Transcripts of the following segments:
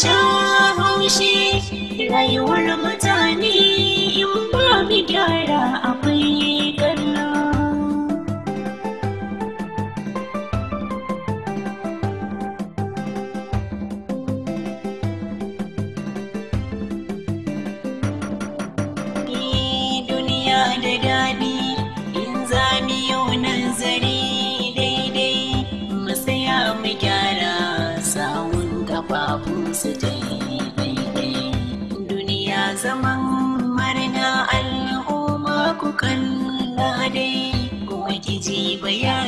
sha haushe rayuwar mutane in ba mu gyara but yeah.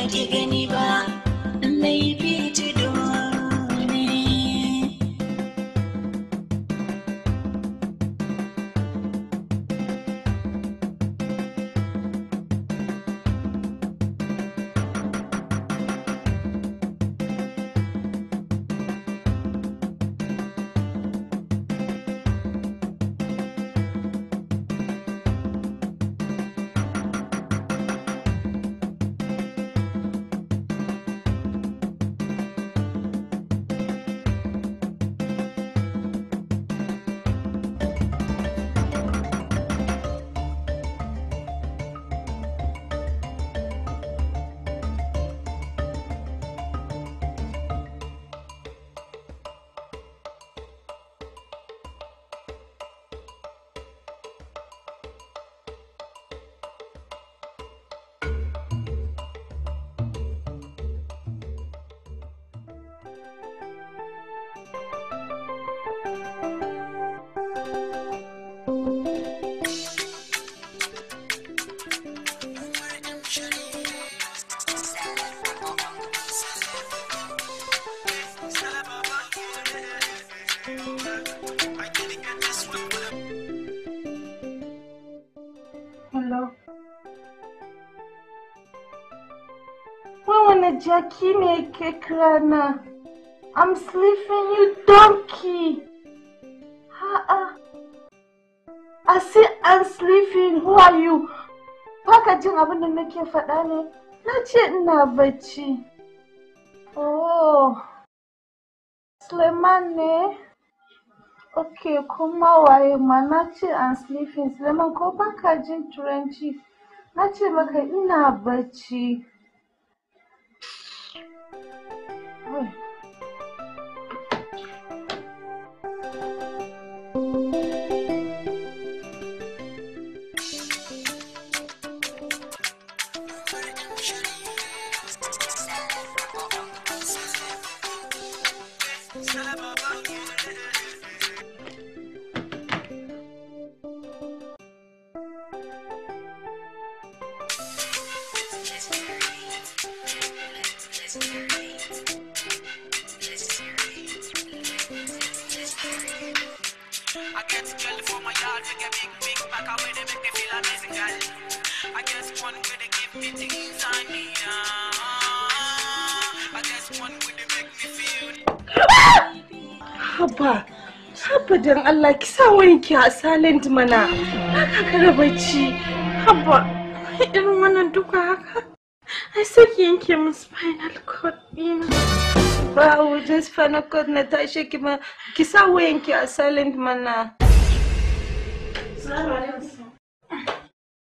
ne ke rana. I'm sleeping, you donkey. ha. I say I'm sleeping, who are you? Baka jin abin da nake faɗa ne? Na ce ina bacci. Oh. Suleiman ne? Ok, kuma waye ma na ce I'm sleeping. Suleiman ko baka jin turanci? Na ce maka ina bacci. don Allah ki sa wani ki a silent mana haka kada bacci haba irin wannan duka haka ai sai yanke min spinal cord dina ba wajen spinal cord na tashi ki ma ki sa wayan ki a silent mana salamu alaikum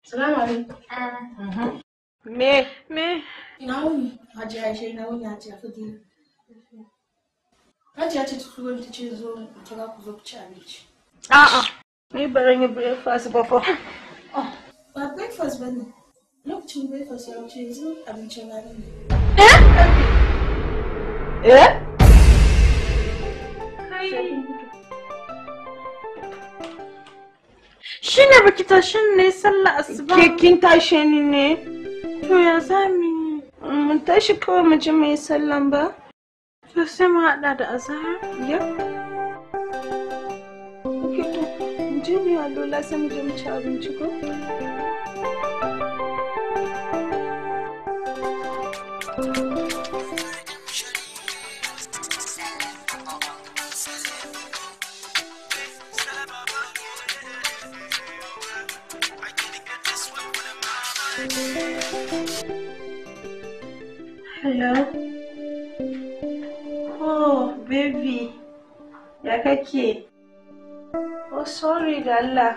salamu alaikum ah. me me ina wuni hajiya shi na wuni hajiya Fudi. Hajiya ce ta turo ta ce zo in kira ku zo ku ci abinci. A'a, ni baran yi breakfast ba fa. Ah, ba breakfast ba ne. Lokacin breakfast ya wuce yanzu abincin rana ne. Eh? Eh? Shi ne baki tashin ne sallah asuba. Ke kin tashe ne? To ya za mu Mun tashi kawai mu je mu sallan ba? To sai mu haɗa da azahar biyar. Jini a lola sai mu je mu ci abinci ko? kake oh sorry da Allah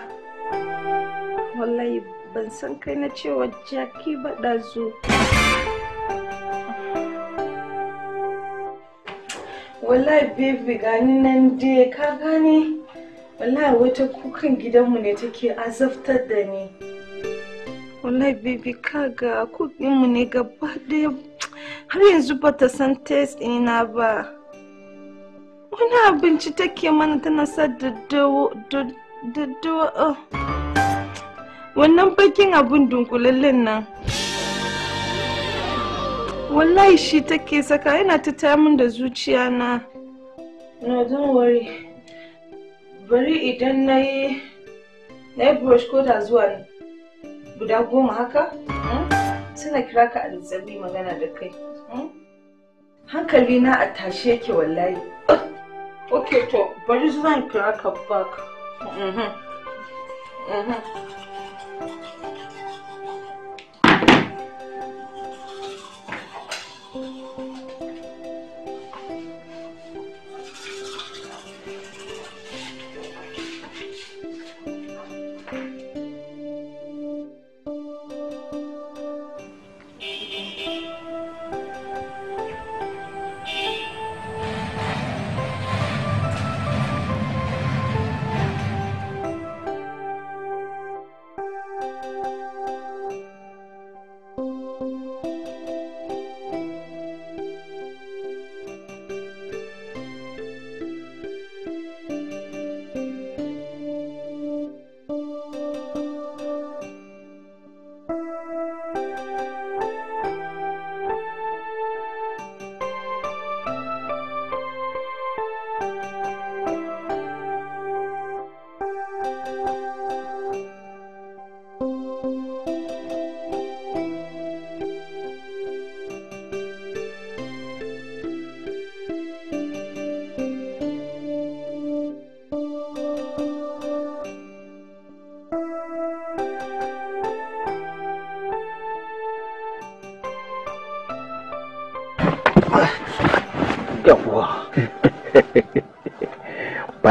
wallahi ban san kai na cewa jaki ba ɗazu wallahi baby gani nan dai ka gani wallahi wata kukan gidanmu ne take azabtar da ni wallahi baby ga kuɗinmu ne gaba ɗaya har yanzu ba ta san taste ina ba wani abinci take mana tana sa daddawa a oh. wannan bakin abin dunkulallen nan wallahi shi take saka yana ta tamin da zuciya na Na don't wari. bari idan na yi na yi brush koda zuwa guda goma haka hmm? suna kira ka alzabi magana da kai hmm? hankali na a tashe yake wallahi Okay, to bari zan kira ka back. Mhm. Mhm.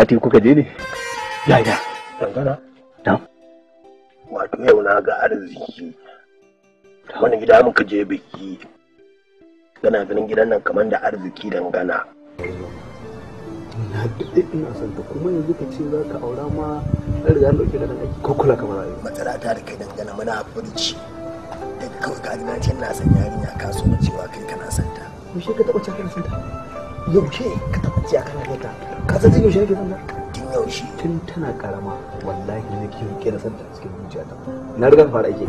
Fati kuka je ne? Ya ya. Dangana? Dan. Wato yau na ga arziki. Wani gida muka je biki. Kana ganin gidan nan kamar da arziki dangana. Na daɗe ina son ta kuma yanzu ka ce za ka aura ma ɗan riga ɗauke da nan aiki ko kula kamar ayo. Matsala ta da kai dangana muna furci. Daga kawai ka na ce na san yarinya ka so na cewa kai kana santa. ta. Yaushe ka taɓa ce kana son yaushe ka taɓa jiya kana gata ka san jin yaushe ne. sanda tun yaushe tun tana karama wallahi nake rike da sanda cikin ta na riga fara aiki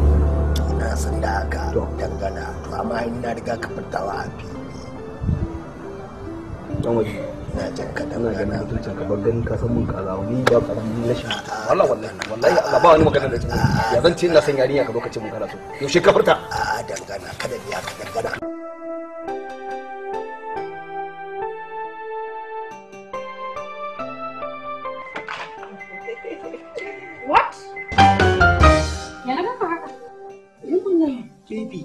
ina san da haka dangana to amma ina riga ka furtawa a fili dan waje ina jin ka dan ganin mutuncin ka ban ka san mun kazawa ni ba karamin rashin wallahi wallahi wallahi Allah ba wani magana da ya zan ce ina san yarinya ka ce mun kana so yaushe ka furta a dangana kada ya ka dangana baby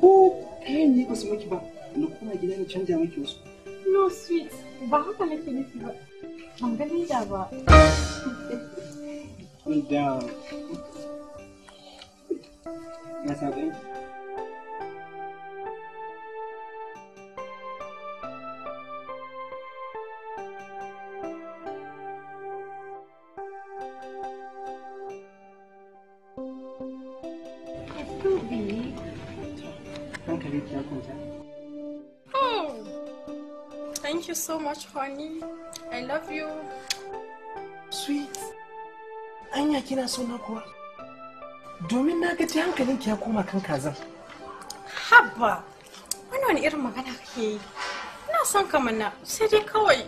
ko kayan ne ba su miki ba na kuma gida na canja miki wasu no sweet ba haka nake nufi ba ban gani da ba da na sabon hankalin ya oh thank you so much honey i love you sweet anya kina so na kuwa domin na gaji hankalin ki ya koma kan kazan habba wannan wani irin magana kake yi ina son ka mana sai dai kawai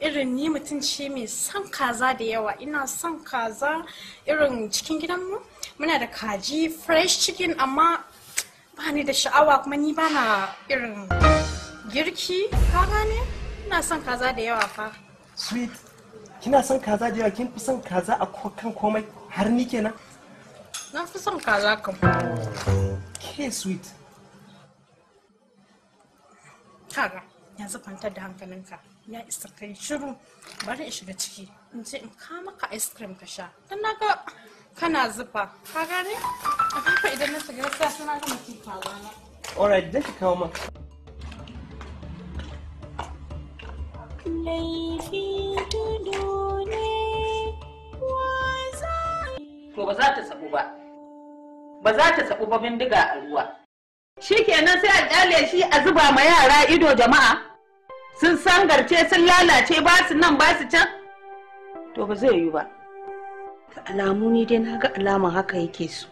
irin ni mutum ce mai son kaza da yawa ina son kaza irin cikin gidanmu muna da kaji fresh chicken amma ba ni da sha'awa kuma ni ba na irin girki ka gane ina son kaza da yawa fa sweet kina son kaza da yawa kin fi son kaza a kan komai har ni kenan na fi son kaza kan ke sweet kaga yanzu kwantar da hankalinka ya isa kai shiru bari in shiga ciki in ce in kama ka ice cream ka sha dan naga kana zufa ka gane a idan na shiga gaskiya suna ga mutum kawo na alright zai ki kawo min laifi tudu ne to ba za ta sabu ba ba za ta sabu ba bindiga a ruwa Shi kenan sai a kyale shi a zuba ma yara ido jama'a sun sangarce sun lalace ba su nan ba su can to ba zai yi ba Da alamu ni dai na ga alaman haka yake so.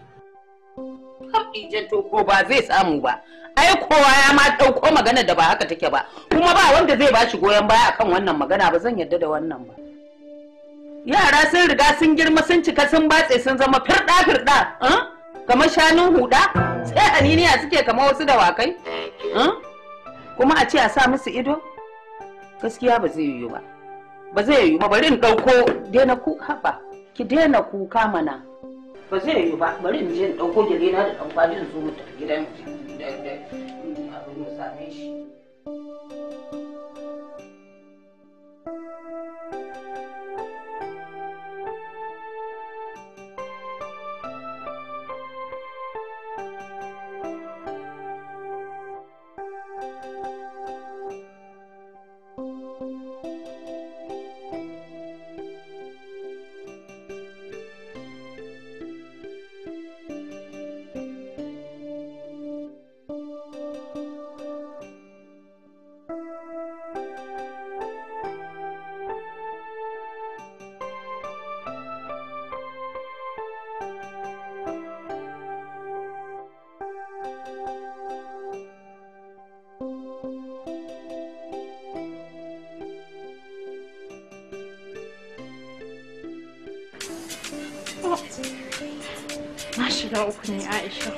Haɗijan to ko ba zai samu ba. Ai kowa ya ma ɗauko magana da ba haka take ba. Kuma ba wanda zai ba shi goyon baya akan wannan magana ba zan yarda da wannan ba. Yara sun riga sun girma sun cika sun batse sun zama firɗa firɗa. Eh? Kamar shanun huɗa. Sai aniniya suke kamar wasu dawakai. Eh? Kuma a ce a sa musu ido? Gaskiya ba zai yiwu ba. Ba zai yiwu ba bari in ɗauko dai na ku haɓa. ki daina kuka mana ba zai yi ba bari in je in ɗauko gyale da ɗan kwali zuwa zo mu gidan da abin mu same shi mata uku ne aisha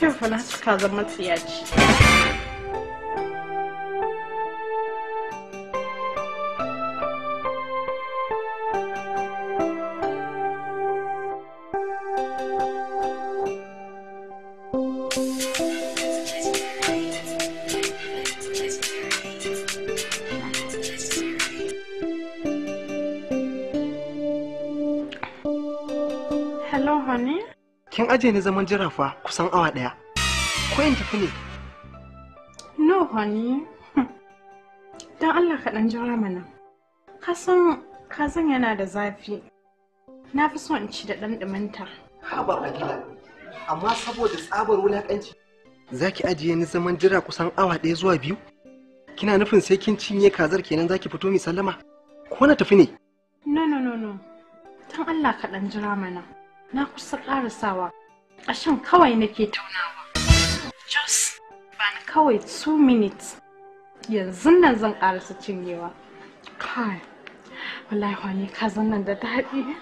yau fa na suka zama tsiyaci aje ni zaman jirafa kusan awa ɗaya. Ko in tafi ne? No, honey. Don Allah ka ɗan jira mana. Ka san kazan yana da zafi. Na fi so in ci da ɗan ɗuminta. Haba Fadila, amma saboda tsabar wulaƙanci. Za ki ajiye ni zaman jira kusan awa ɗaya zuwa biyu? Kina nufin sai kin cinye kazar kenan za ki fito mi sallama? Ko na tafi ne? No, no, no, no. Don Allah ka ɗan jira mana. Na kusa ƙarasawa shan kawai nake taunawa. Just bani kawai two minutes. Yanzu nan zan karasa cinyewa. Kai, wallahi wani zan nan da daɗi.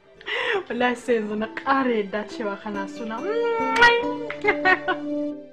wallahi sai yanzu na ƙara yadda cewa kana suna.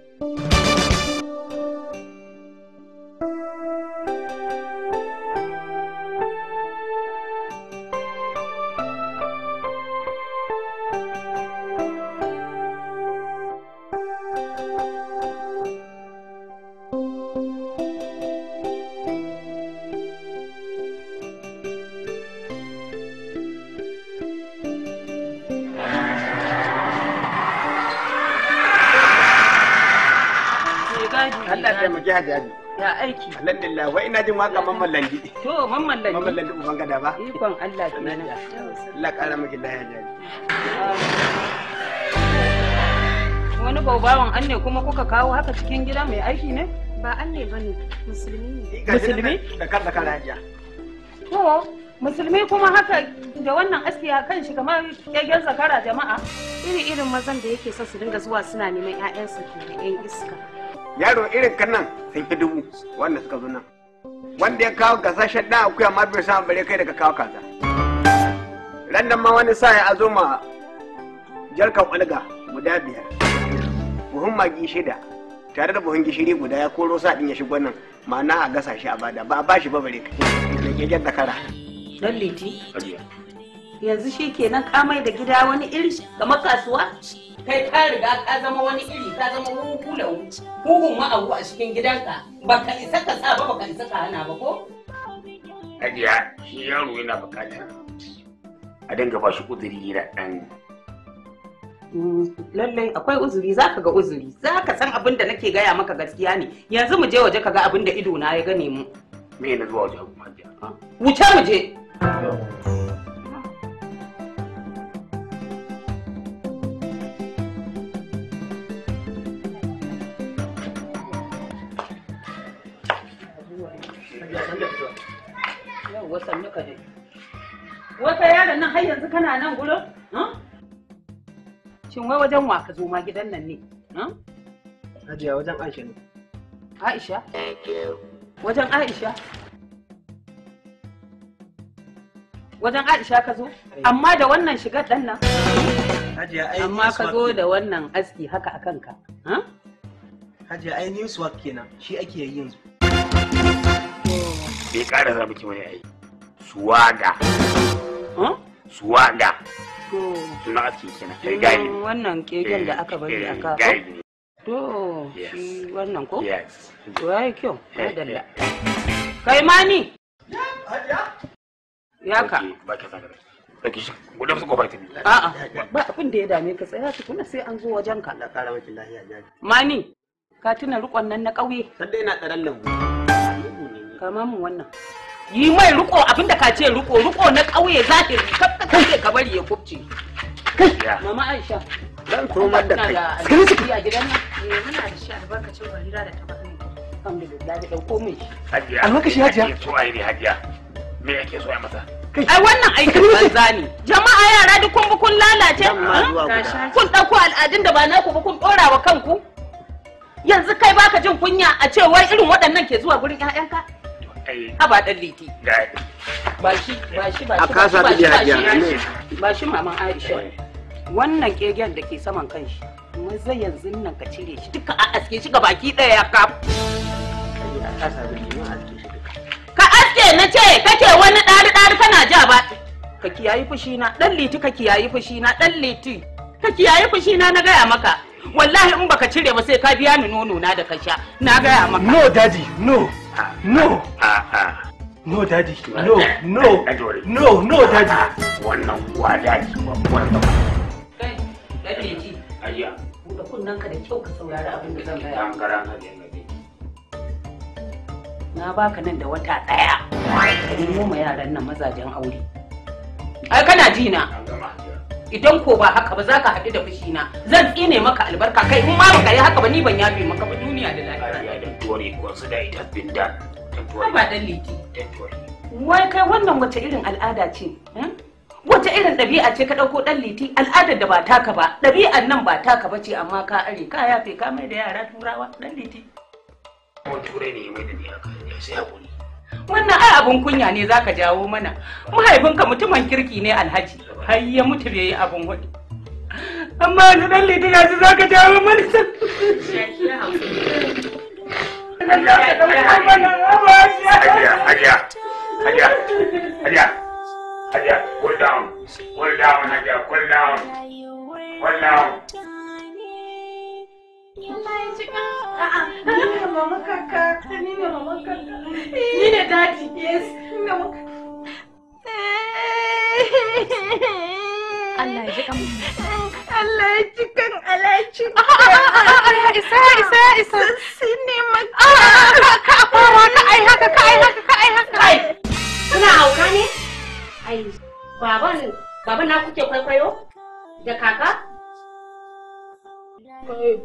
hajaji ya aiki alhamdulillah wa ina jin waka mamman landi to mamman landi mamman landi uban gada ba ikon Allah kenan Allah kara miki lafiya hajaji ah. wani baubawan an ne kuma kuka kawo haka cikin gida mai aiki ne ba an ne ba ne musulmi ne musulmi da kar da kar hajiya to musulmi kuma haka da wannan aski a kan shi kamar yagen zakara jama'a iri irin mazan da yake so su dinga zuwa suna neman 'ya'yansu ke 'yan iska yaro irin kan nan sun fi dubu wanda suka zo nan wanda ya kawo gasashen ɗan akuya ma bai samu bare kai daga kawo kaza randan ma wani sa ya zo ma jarkan olga guda biyar buhun magi shida tare da buhun gishiri guda ya koro sa din ya shigo nan ma'ana a gasa shi a bada ba a ba shi ba bare kai da keken da kara yanzu shi kenan kamai da gida wani iri kamar kasuwa kai ka riga ka zama wani iri ka zama huhu lahu huhun ma'ahu a cikin gidanka ba ka isa ka sa ba ka isa ka hana ba ko ajiya shi yaro yana bukatar a dinga ba shi kuduri da ɗan mm, lallai akwai uzuri za ka ga uzuri za ka san abin da nake gaya maka gaskiya ne yanzu mu je waje ka ga abin da ido na ya gane mu me na zuwa waje abu wuce mu je yawwa sannu ka dai wata yaron nan har yanzu kana nan gurin shin wai wajen wa ka zo ma gidan nan ne hajiya wajen aisha ne aisha wajen aisha wajen aisha ka zo amma da wannan shigar dan nan amma ka zo da wannan aski haka a kanka hajiya ai news kenan shi ake yin. yanzu bai ƙara za miki wani ayi suwaga suwaga suna aski kenan rigayi wannan kegen da eh, aka bari eh, a kafa to shi wannan ko to yayi kyau eh, madalla kai mani ya ka ba shi, gudan su kofar ta biyu. A'a, ba abin da ya dame ka tsaya su kuma sai an zo wajen ka. Mani, ka tuna rikon nan na ƙauye. Sanda yana tsaron lambu. Kama mu wannan. yi mai riko abinda ka ce riko riko na ƙauye zahiri kaf ka kace ka bari ya kubce mama Aisha dan komar da kai kai ciki a gidan nan eh, muna da shi albarkacin barira da tabbatar alhamdulillah da dauko mai hajiya albarkashi hajiya to ai ne hajiya me yake so ai masa ai wannan aikin banza ne jama'a yara duk kun kun lalace kun ɗauko al'adun da ba naku ba kun ɗora wa kanku yanzu kai baka jin kunya a cewa irin waɗannan ke zuwa gurin 'ya'yanka Eh. haba dan liti ba shi ba shi ba shi ba shi ba shi ba shi maman aisha eh. wannan kegen da ke saman kanshi zai yanzu nan ka cire shi duka a aske shi ga baki daya ka ka aske na ce kake wani ɗari ɗari kana ja ba ka kiyayi fushi na dan liti ka kiyayi fushi na dan liti ka kiyayi fushi na na gaya maka wallahi in baka cire ba sai ka biya ni nono na da ka sha na gaya maka no daddy no Ah, ah. no no daddy no no no no daddy wannan kuwa daddy wannan kai daddy ji ajiya buɗe kunnanka da kyau ka saurari abin da zan gaya an karan hajjin na baka nan da wata ɗaya ka nemo ma yaran nan mazajen aure ai kana ji na idan ko ba haka ba za ka haɗu da fushi na zan tsine maka albarka kai in ma ba kai haka ba ni ban yafe maka ba duniya da lafiya tantuwari da ita ba dan liti wai kai wannan wace irin al'ada ce hmm? wace irin ɗabi'a ce ka ɗauko ɗan liti al'adar da ba taka ba ɗabi'an nan ba taka ba ce amma ka are ka yafe ka mai da yara turawa ɗan liti turai ne mai da ni haka sai hakuri wannan ai abun kunya ne zaka jawo mana mahaifinka mutumin kirki ne alhaji har ya mutu bai yi abun wani amma yanzu zaka jawo mana Hajiya, Hajiya, Hajiya, Ni ne mama kaka, ni ne mama kaka, ni ne ni ne mama kaka. Allah ya ji kamar. Allah ya ji kan alacin ah, ah, ah, isa isa isa sun ne maka ka afawa ka ai haka ka ai haka ka ai haka ai suna hauka ne ai baban baban na kuke kwaikwayo da kaka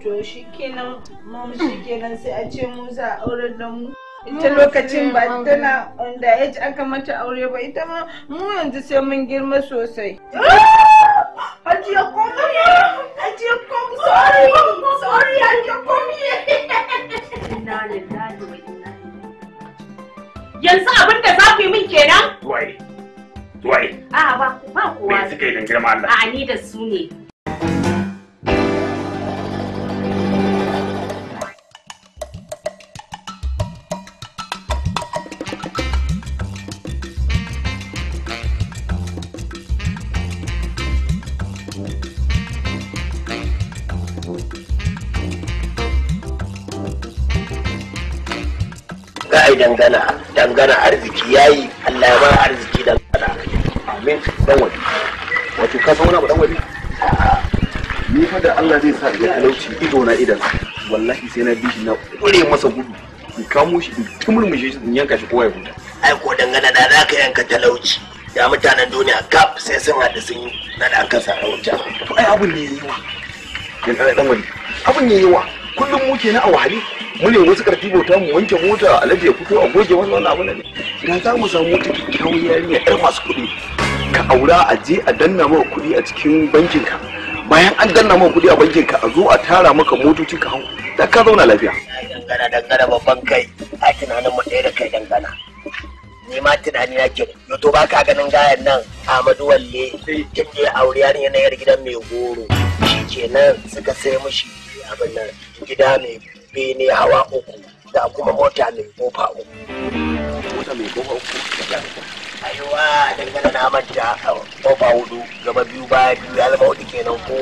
to shi kenan mom shi kenan sai a ce mu za a auren da mu ita lokacin ba tana da age aka mata aure ba ita ma mu yanzu sai mun girma sosai sorry, I'm sorry, Yanzu abin da za ku yi min kenan? Wai. Wai. A ba, ba kowa. Me girma Allah? A ni da su ne. dangana dangana arziki yayi Allah ya ba arziki dangana amin dan wani wato ka san wani abu dan wani ni fa da Allah zai sa ya talauci ido na idan wallahi sai na bishi na kure masa gudu in kamo shi in tumurmushe shi in yanka shi kowa ya huta ai ko dangana da za ka yanka talauci da mutanen duniya gab sai sun haɗu sun yi na da an kasa a wuta to ai abun ne yi wa dan wani abun ne yayi wa kullum muke na a wahali mu ne wasu karfi bauta mu wanke mota a laje fito a goge wannan wannan abu ne da za mu samu wata kyakkyawar yarinya yar masu kuɗi ka aura a je a danna mawa kuɗi a cikin bankin ka bayan an danna mawa kuɗi a bankin ka a zo a tara maka motocin ka hau da ka zauna lafiya dangana dangana babban kai a tunanin mu ɗaya da kai dangana ni ma tunani na ke yo to baka ganin gayan nan Ahmadu Walle tun da aure yarinya na yar gidan mai goro shikenan suka sai mushi abin nan gida ne bi ne hawa uku da kuma mota ne kofa uku mota mai kofa uku da jan aiwa dangane na manta kofa hudu gaba biyu baya biyu ya zama hudu kenan ko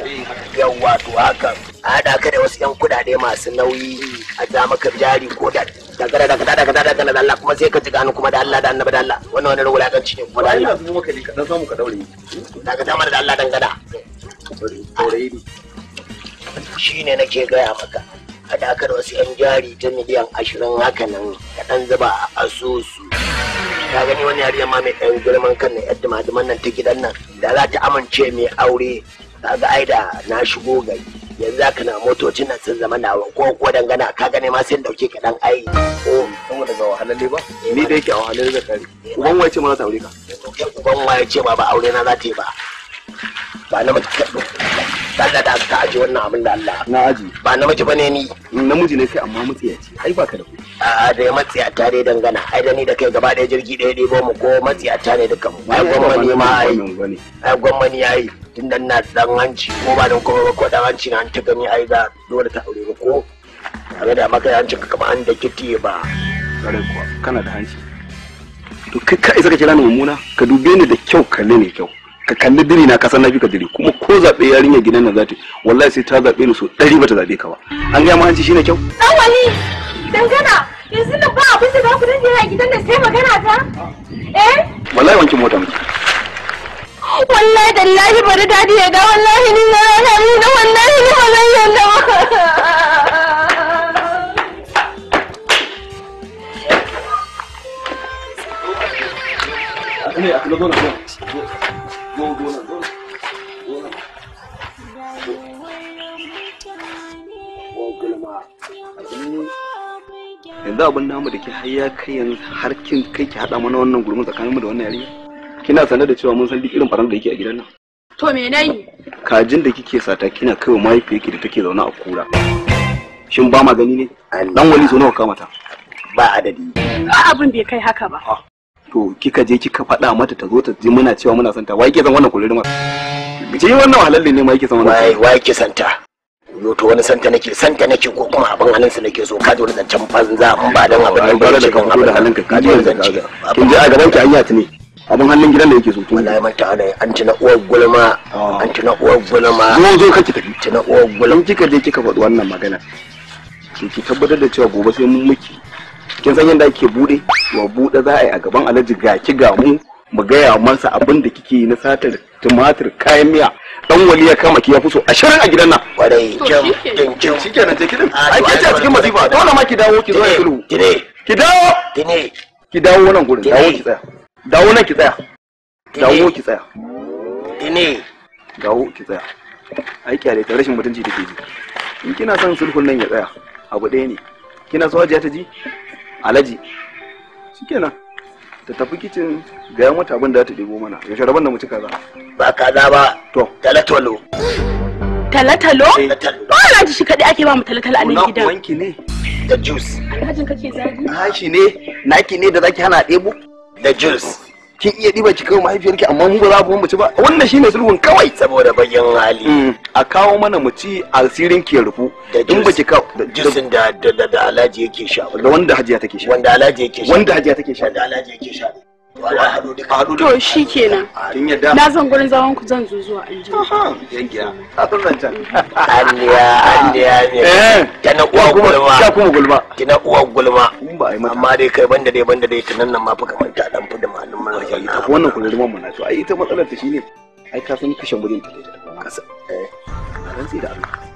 yau wato haka a haɗa ka da wasu yan kudade masu nauyi a zama ka jari ko da dangane da kada da kada da da Allah kuma sai ka ji gani kuma da Allah da annabi da Allah wannan wani kan ne kuma da Allah. Wani na zuwa maka ne ka dan samu ka daure. Daga ta da Allah dangana. ne. shi shine nake gaya maka hadakar wasu 'yan jari ta miliyan ashirin haka nan kaɗan zuba a asusu ta gani wani yariya ma mai ɗan girman kan na yadda maduman nan ta gidan nan da za ta amince mai aure ta ga aida na shigo gari yanzu haka na motocin nan sun zama nawa ko ko dangana ka gane ma sai dauke ka dan ai ko oh, saboda ga wahalalle ba eh, ni da yake eh, a wahalalle da kare uban wai ce ma za ta aure ka uban wai ce ba ba aure na za ta yi ba ba na mutum daga da ka aji wannan abin da Allah na aji ba namiji bane ni mm, namiji ne sai amma mutsiya ce ai baka da kuɗi a da ya matsiya ta dai dangana ai da ni da kai gaba ɗaya jirgi ɗaya ɗebo mu ko matsiya ta ne dukan ai gwamma ne ma ai ai gwamma ne ai tun dan na dan hanci ko ba dan kuma ko dan hanci na an ta gani ai za dole ta aure ba ko a da maka yanci kama an da kiti ba kare kuwa kana da hanci to kai ka isa ka kira ni mummuna ka dube ni da kyau kalle ne kyau ka kalli biri na kasan na fi ka diri, kuma ko zaɓe yarinya gidan nan zata wallahi sai ta zaɓe ni so ɗari bata zaɓe ka ba an gaya ma hanci shine kyau dan wani dangana yanzu nan ba abin da za ku dinga a gidan da sai magana ta eh wallahi wanki mota muke. wallahi lahi bari dadi ya ga wallahi ni na rami na wallahi ni ba zan yanda ba yanzu abin namu da ke har ya kai yanzu har kin kai ki hada mana wannan gurbin tsakanin mu da wannan yarinya kina sanar da cewa mun san duk irin faran da yake a gidan nan to me nayi kajin da kike sata kina kai wa yake da take zaune a kura shin ba ma gani ne dan wani zo nawa kamata ba adadi ba abin bai kai haka ba ah. to kika je kika faɗa mata ta zo ta ji muna cewa muna santa wai ke san wannan kulirin ma ce wannan halalle ne ma yake san wannan wai wai ke santa yo to wani santa nake santa nake ko kuma abin halin sa nake so ka ji wani zancen banza in ba dan abin nan ba da kan abin halin ka ka ji wani zance kin ji a gaban ki anya ta ne abin halin gidan da yake so wallahi man ta ana an na uwar gulma ah. an na uwar gulma zo zo kake tafi na uwar gulma kika je kika faɗi wannan magana ki tabbatar da cewa gobe sai mun miki kin san yadda ake bude wa bude za a yi a gaban alhaji ga ki ga mu mu gaya masa abin da kike yi na satar tumatir kayan miya dan wali ya kama ki ya fuso ashirin a gidan nan kwarai jam jam shikenan je kidan ai ke a cikin masifa dole ma ki dawo ki zo ya sulhu ki dawo ki dawo nan gurin dawo ki tsaya dawo nan ki tsaya dawo ki tsaya dine dawo ki tsaya ai kyale ta rashin mutunci take ji in kina son sulhun nan ya tsaya abu ɗaya ne kina so hajiya ta ji alaji shikenan ta tafi kicin ga ya mata abin da ta ɗebo mana ya rabon banda mu ci kaza ba kaza ba to talatalo talatalo eh, ba alaji shi kaɗai ake ba mu talatalo a nan gidan wanki ne da juice alhajin kake zagi na shi ne naki ne da zaki hana ɗebo da juice kin iya diba ki kawo mahaifiyarki amma mu ba za mu ci ba wannan shine sulhun kawai saboda bayan hali mm. a kawo mana mu ci asirin ki rufu in ba ki kawo da da da yake sha wanda hajiya take sha wanda alhaji yake sha wanda hajiya take sha wanda alhaji yake sha to shi kenan na zan gurin zaman ku zan zo zuwa an ji yankiya ka san zancen aliya aliya ne eh. kina uwa gulma ka kuma gulma kina uwa gulma amma dai kai banda dai banda dai tunan nan ma fa kamar ta dan fudu malum mana wajen na wannan kullu mun na to ai ita matsalar ta shine ai ka san kashin gudun ta da kasa. eh ran sai da Allah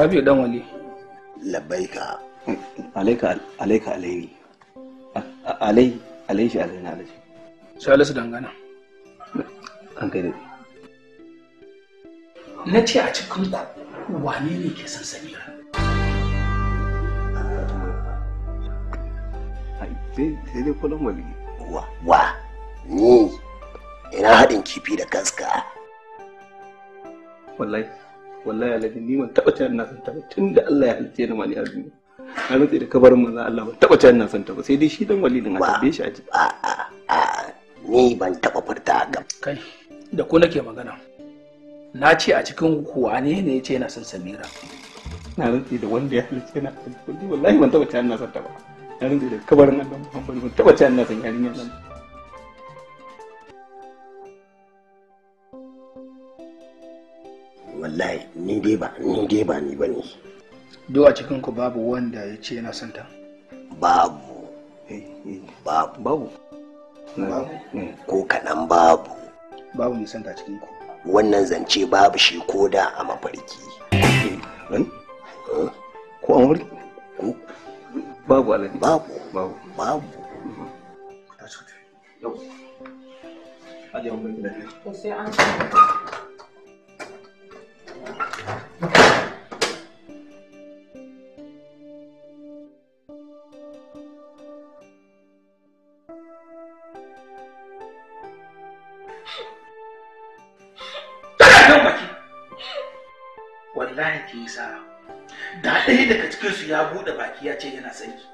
Rabi'u dan wali. Labbaika. Alaika alaika alaini. Alai alai shi alaina alaji. Salisu dangana. An kai da Na ce a cikin ku wane ne ke san Samira? Sai dai kullum wali. Wa wa ni ina haɗin kifi da kaska. Wallahi wallahi alladin ni ban taba tunanin na san ta ba tunda Allah ya halice ni mani azumi na rantsa da kabarin manzo Allah ban taba tunanin na san ta ba sai dai shi dan walidin a tabbe shi a ji ni ban taba furta ga kai da ku nake magana na ce a cikin kuwa ne ne ya ce yana san samira na rantsi da wanda ya halice na wallahi ban taba tunanin na san ta ba na rantsi da kabarin Allah ban taba tunanin na san yarinyar nan wallahi ni dai ba ni dai ba ni bane do a cikin ku babu wanda ya ce yana santa. Eh, eh. babu babu hmm. babu ko kaɗan babu babu mai santa cikin ku wannan zance babu shi ko da a mafarki eh, ko wuri ko babu babu babu babu wallahi ki yi sara da ɗaya daga cikinsu ya buɗe baki ya ce yana sanki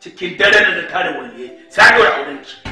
cikin dare da tare waliyai sai ga aurenki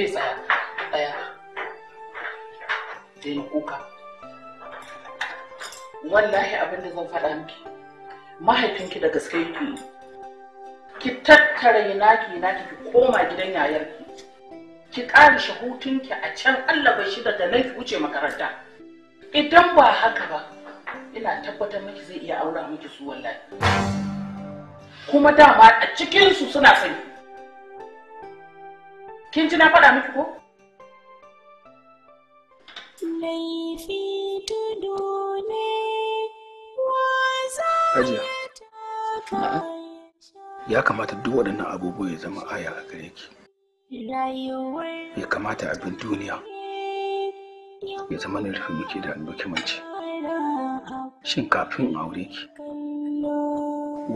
ke tsaya tsaya daina kuka wallahi abin da zan faɗa miki mahaifinki da gaske yake ki tattara naki naki ki koma gidan yayarki ki ƙara shahutunki a can allah bai shi da nan ki wuce makaranta idan ba haka ba ina tabbatar miki zai iya aura miki su wallahi kuma dama a cikinsu suna sani Kin ji na faɗa miki ko? Laifi tudu ne Hajiya. Ya kamata duk waɗannan abubuwa ya zama aya a gare ki. Ya kamata abin duniya ya zama na rufin muke da albakimanci. Shin kafin aure ki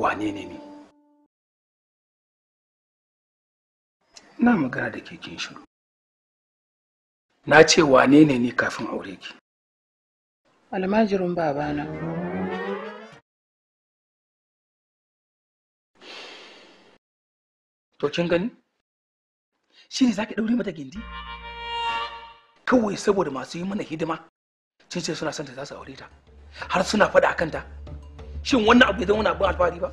wane ne ne? ina magana da ke kin shiru na ce wane ne ni kafin aure ki almajirin babana to kin gani shi ne zaki daure mata gindi kawai saboda masu yi mana hidima sun ce suna son ta za su aure ta har suna faɗa akan ta shin wannan abu ya zama wani abin alfahari ba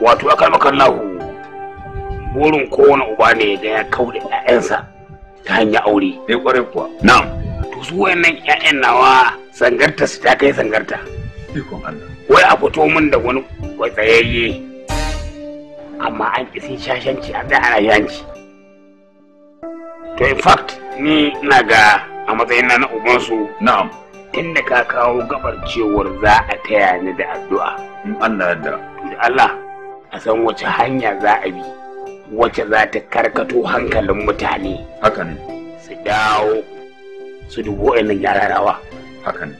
wato a kalmakar lahu burin kowane uba ne da ya kau da 'ya'yansa ta hanyar aure Ne eh, kwarai kuwa na'am to su wayannan 'ya'yan nawa sangarta su ta kai sangarta wai a fito min da wani kwatsayayye amma an ƙi sun shashanci a da ana yanci to in fact ni na ga a matsayin na ubansu na'am inda ka kawo gabar cewar za a taya ni da addu'a in Allah Allah a san wace hanya za a bi wace za ta karkato hankalin mutane hakan su dawo su dubo nan yararawa hakan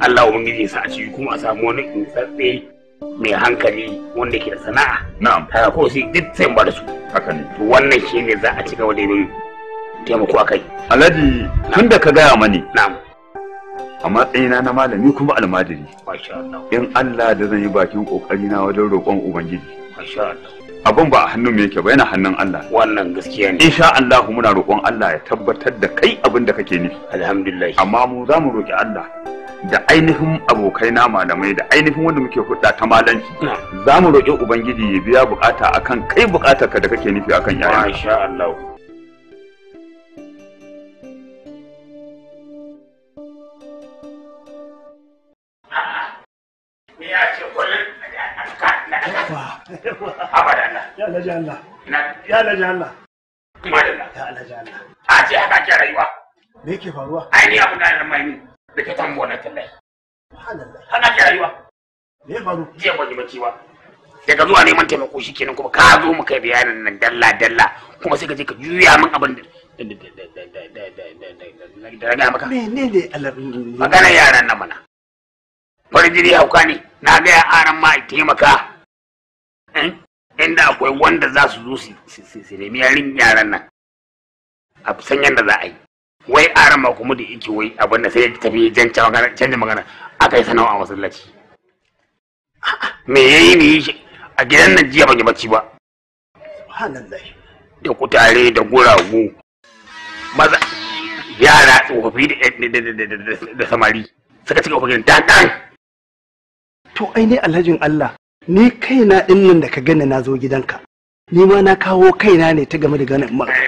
Allah ne sa a ciki kuma a samu wani intsatse mai hankali wanda ke da sana'a na'am ta ko sai duk sai ba da su hakan to wannan shine za a ci gaba da yin taimako akai alhaji tun da ka gaya mani na'am a matsayina na malami kuma almajiri in Allah da zan yi bakin kokari na wajen roƙon ubangiji abin ba a hannun yake ba yana hannun Allah wannan gaskiya ne insha Allah muna roƙon Allah ya tabbatar da kai abin da kake nufi alhamdulillah amma mu za mu roƙi Allah da ainihin abokai na malamai da ainihin wanda muke hudda ta malanci za mu roƙi ubangiji ya biya bukata akan kai ka da kake nufi akan 'ya'ya insha Allah ya alhaji Allah ya alhaji Allah madalla ya alhaji Allah a ce haka ke rayuwa me yake faruwa ai ni abu da ya zama ni da ke tambo na tallahi subhanallah haka ke rayuwa me faru jiya ban yi bacci ba daga zuwa neman taimako shi kenan kuma ka zo mu kai bayanin nan dalla dalla kuma sai ka je ka juya min abin da da da da da raga maka menene magana yaran nan mana farin jini hauka ne na ga yaran ma taimaka inda akwai wanda za su zo su nemi yarin yaran nan a san yadda za a yi wai arama kuma da yake wai abin da sai tafi jan canjin magana aka yi sanawa a masallaci me ya yi ne a gidan nan jiya ban yi bacci ba da kutare da guragu maza yara tsofaffi da samari suka cika ofishin dan to ai ne alhajin Allah ni kaina din nan da ka gani na zo gidanka ni ma na kawo kaina ne ta game da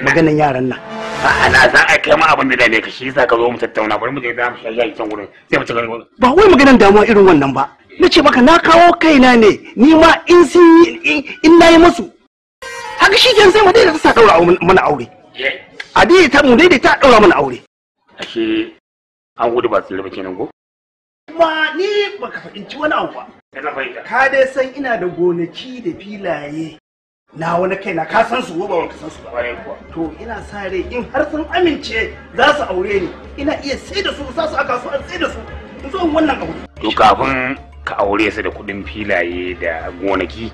maganan yaran nan ana za a kai ma abin da ne ka shi yasa ka zo mu tattauna bari mu je da mu shayya can gurin sai mu ci gaba ba wai maganan damuwa irin wannan ba na ce maka na kawo kaina ne ni ma in sun in na yi musu haka shi kenan sai mu daidaita sa daura mana aure a daidaita mu daidaita daura mana aure ashe an gudu ba su kenan ko ma ni baka fahimci wani abu ba ka dai san ina da gonaki da filaye na wani kaina ka san su ba wanka san su ba to ina sa rai in har sun amince za su aure ni ina iya sai da su za su a su an sai da su in zo wannan abu to kafin ka aure su da kudin filaye da gonaki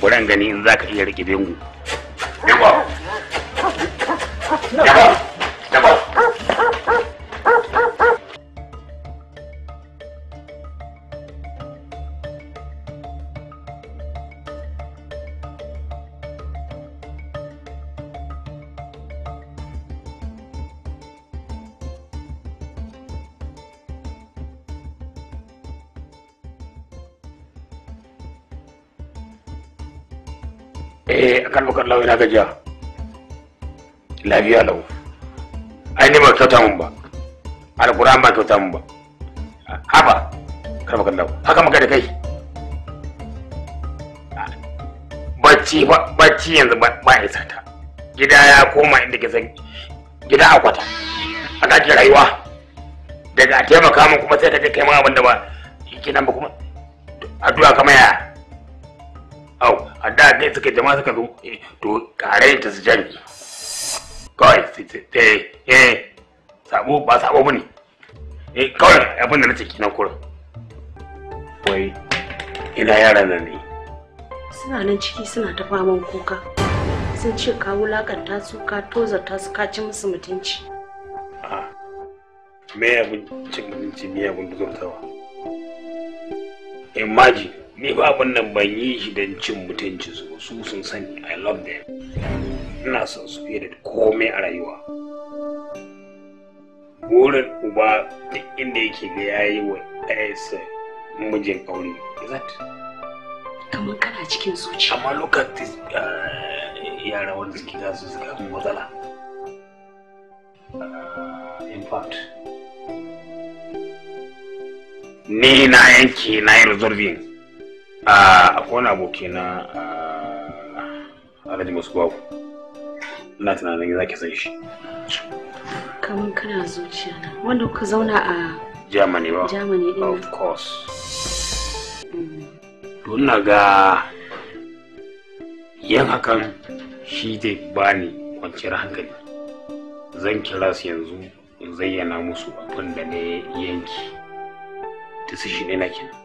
buran gani in za ka iya rike bengu Yawa! Yawa! lau na gajiya lafiya lau ai ne ba kyauta mun ba alkur'an ba kyauta mun ba haba karfa kan lau haka maka da kai bacci bacci yanzu ba isa ta gida ya koma inda ke san gida a kwata a kake rayuwa daga a taimaka min kuma sai ka je kai ma abin da ba nan ba kuma addu'a kamar yaya a da dai suka jama'a suka zo eh, to kare ta su jami kawai ta eh, eh sabo ba sabo bane eh kawai abin da nace kenan kurin wai ina yaran nan ne suna nan ciki suna ta faman kuka sun ce ka wulakanta su ka ta su ka ci musu mutunci me abin cin mutunci me abin da tawa imagine ni ba abin nan ban yi shi don cin mutunci su su sun sani i love them ina son su fiye da komai a rayuwa burin uba duk inda yake ga yayi wa ɗayarsa mijin aure is that kamar kana cikin zuci. amma lokacin uh, yara wanda suke za su mu matsala uh, in ni na yanki na yi resolving a wani aboki na alhaji babu. ina tunanin za ki san shi kamar kana zuciya na wanda kuka zauna a germany ba germany din of course mm. to ina ga yan hakan shi zai bani kwanciyar hankali zan kira su yanzu in zayyana musu abin da na yanki ta su shi ne na kenan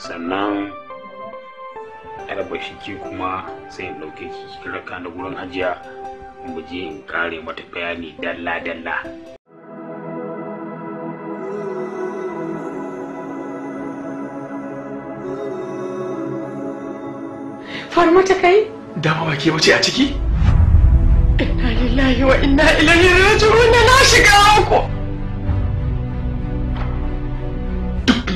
sannan yar bashiki kuma sai in ɗauke ki na gurin ajiya mu je in kare mata bayani dalla-dalla far mata kai dama ba ke wace a ciki inna lillahi wa inna ilaihi raji'un na shiga ku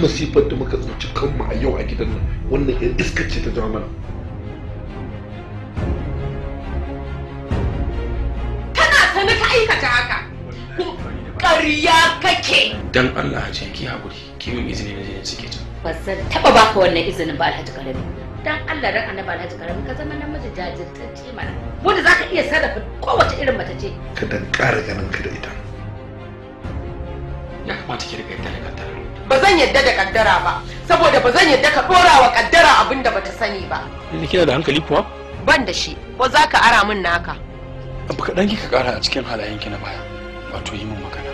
masifar da muka tsinci kanmu a yau a gidan nan wannan yan iskar ce ta zama mana kana sani ka aikata haka ƙarya kake dan Allah ce ki haƙuri ki min izini na jini suke ta ba zan taɓa baka wannan izinin ba Alhaji Karami dan Allah ran annabi Alhaji Karami ka zama namiji jajirtacce mana wanda ka iya sarrafa kowace irin mace ce ka dan ƙara ganin ka da ita ya kamata ki riga yadda da kanta ba zan yadda da kaddara ba saboda ba zan yadda ka dora wa kaddara abin da bata sani ba ni kina da hankali kuwa ban da shi ko zaka ara min naka abu kaɗan ki ka ƙara a cikin halayenki na baya wato yi min magana